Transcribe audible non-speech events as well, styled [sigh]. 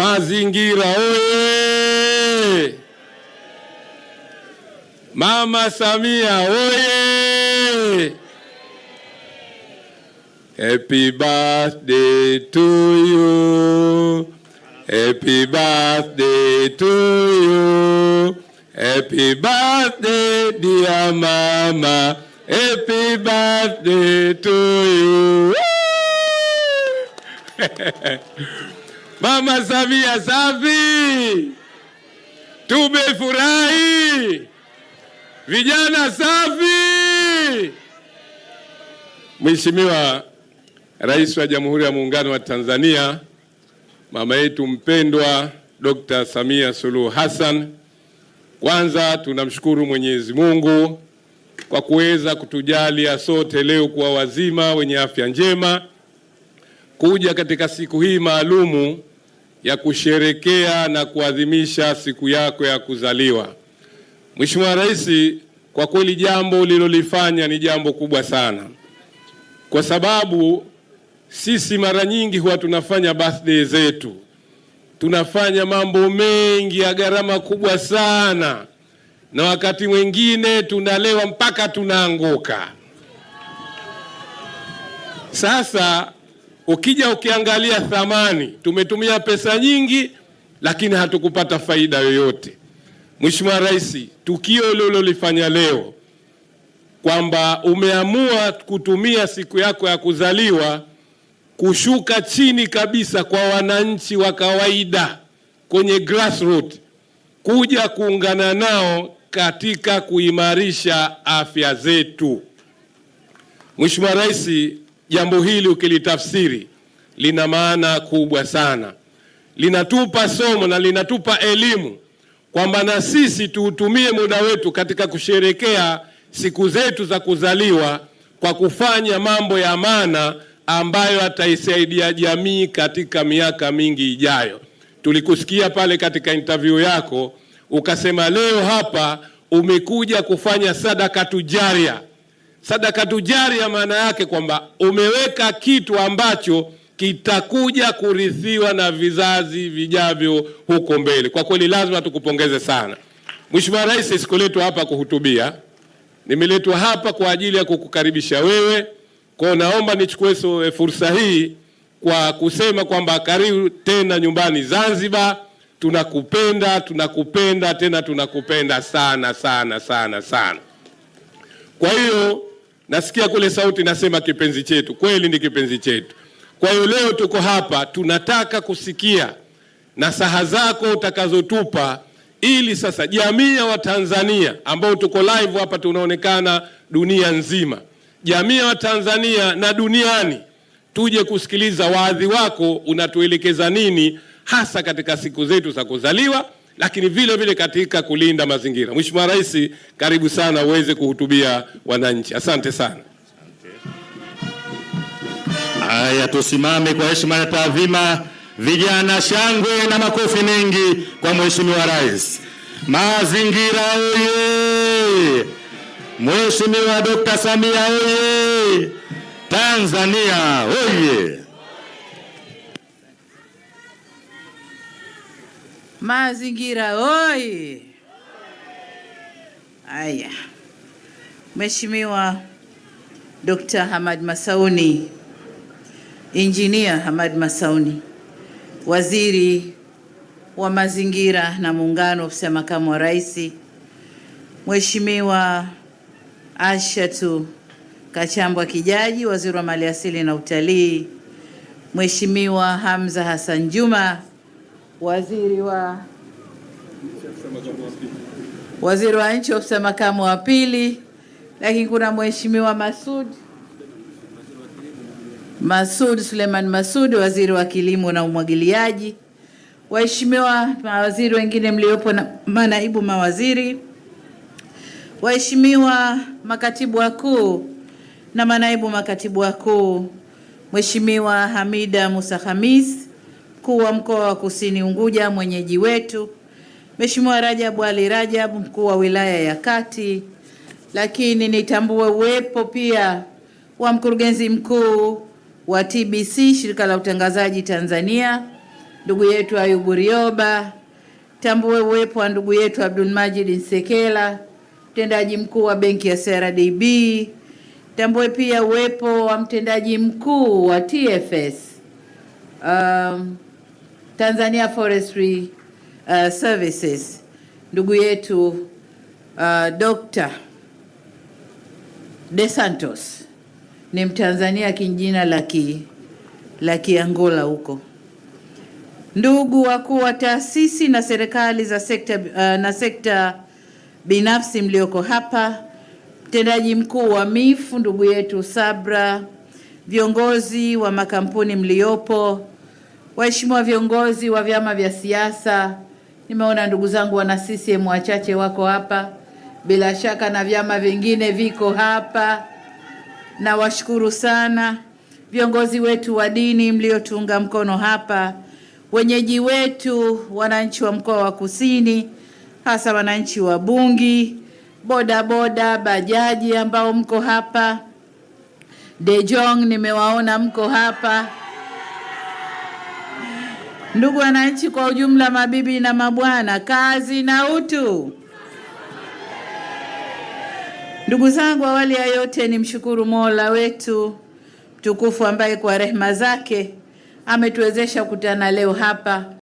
Mazingira oye! Mama Samia oye! Happy birthday to you. Happy birthday to you. Happy birthday dear mama. Happy birthday to you. [laughs] Mama Samia safi, tumefurahi. Vijana safi. Mheshimiwa Rais wa Jamhuri ya Muungano wa Tanzania, mama yetu mpendwa Dr. Samia Suluhu Hassan, kwanza tunamshukuru Mwenyezi Mungu kwa kuweza kutujalia sote leo kuwa wazima wenye afya njema kuja katika siku hii maalumu ya kusherekea na kuadhimisha siku yako ya kuzaliwa. Mheshimiwa Rais, kwa kweli jambo ulilolifanya ni jambo kubwa sana, kwa sababu sisi mara nyingi huwa tunafanya birthday zetu, tunafanya mambo mengi ya gharama kubwa sana, na wakati mwingine tunalewa mpaka tunaanguka. Sasa Ukija ukiangalia thamani, tumetumia pesa nyingi, lakini hatukupata faida yoyote. Mheshimiwa Rais, tukio ulilolifanya leo kwamba umeamua kutumia siku yako ya kuzaliwa kushuka chini kabisa kwa wananchi wa kawaida kwenye grassroots, kuja kuungana nao katika kuimarisha afya zetu. Mheshimiwa Rais, jambo hili ukilitafsiri lina maana kubwa sana, linatupa somo na linatupa elimu kwamba na sisi tuutumie muda wetu katika kusherekea siku zetu za kuzaliwa kwa kufanya mambo ya maana ambayo ataisaidia jamii katika miaka mingi ijayo. Tulikusikia pale katika interview yako ukasema leo hapa umekuja kufanya sadaka tujaria Sadaka ya maana yake kwamba umeweka kitu ambacho kitakuja kurithiwa na vizazi vijavyo huko mbele. Kwa kweli lazima tukupongeze sana Mheshimiwa Rais. Sikuletwa hapa kuhutubia, nimeletwa hapa kwa ajili ya kukukaribisha wewe. Kwa naomba nichukue so eh, fursa hii kwa kusema kwamba karibu tena nyumbani Zanzibar. Tunakupenda, tunakupenda tena, tunakupenda sana sana sana sana. Kwa hiyo Nasikia kule sauti nasema kipenzi chetu, kweli ni kipenzi chetu. Kwa hiyo leo tuko hapa, tunataka kusikia nasaha zako utakazotupa ili sasa jamii ya Watanzania ambao tuko live hapa, tunaonekana dunia nzima, jamii ya Watanzania na duniani, tuje kusikiliza waadhi wako unatuelekeza nini hasa katika siku zetu za kuzaliwa lakini vile vile katika kulinda mazingira. Mheshimiwa Rais, karibu sana uweze kuhutubia wananchi. Asante sana. Haya, tusimame kwa heshima na taadhima. Vijana, shangwe na makofi mengi kwa Mheshimiwa Rais. Mazingira oye! Mheshimiwa Dr. Samia oye! Tanzania oye! Mazingira oi! Haya, Mheshimiwa Dr. Hamad Masauni, Injinia Hamad Masauni, Waziri wa Mazingira na Muungano, Ofisi ya Makamu wa Rais, Mheshimiwa Ashatu Kachambwa Kijaji, Waziri wa Maliasili na Utalii, Mheshimiwa Hamza Hassan Juma waziri wa waziri wa nchi ofisi ya makamu wa pili, lakini kuna mheshimiwa Masud Masud Suleiman Masud, waziri wa kilimo na umwagiliaji, waheshimiwa mawaziri wengine mliopo na manaibu mawaziri, waheshimiwa makatibu wakuu na manaibu makatibu wakuu, Mheshimiwa Hamida Musa Khamis Mkuu wa Mkoa wa Kusini Unguja mwenyeji wetu Mheshimiwa Rajabu Ali Rajab, Mkuu wa Wilaya ya Kati, lakini nitambue uwepo pia wa Mkurugenzi Mkuu wa TBC, Shirika la Utangazaji Tanzania, ndugu yetu Ayubu Rioba. Tambue uwepo wa ndugu yetu Abdulmajid Nsekela, Mtendaji Mkuu wa Benki ya CRDB. Tambue pia uwepo wa Mtendaji Mkuu wa TFS um, Tanzania Forestry uh, Services ndugu yetu uh, Dr. De Santos ni Mtanzania kinjina laki la Kiangola huko. Ndugu wakuu wa taasisi na serikali za sekta uh, na sekta binafsi mlioko hapa, mtendaji mkuu wa mifu ndugu yetu Sabra, viongozi wa makampuni mliopo Waheshimiwa viongozi wa vyama vya siasa, nimeona ndugu zangu wana CCM wachache wako hapa, bila shaka na vyama vingine viko hapa. Nawashukuru sana viongozi wetu wa dini mliotuunga mkono hapa, wenyeji wetu, wananchi wa mkoa wa Kusini, hasa wananchi wa Bungi, bodaboda, bajaji ambao mko hapa, Dejong nimewaona mko hapa Ndugu wananchi kwa ujumla, mabibi na mabwana, kazi na utu. Ndugu zangu, awali ya yote mshukuru Mola wetu mtukufu ambaye kwa rehema zake ametuwezesha kukutana leo hapa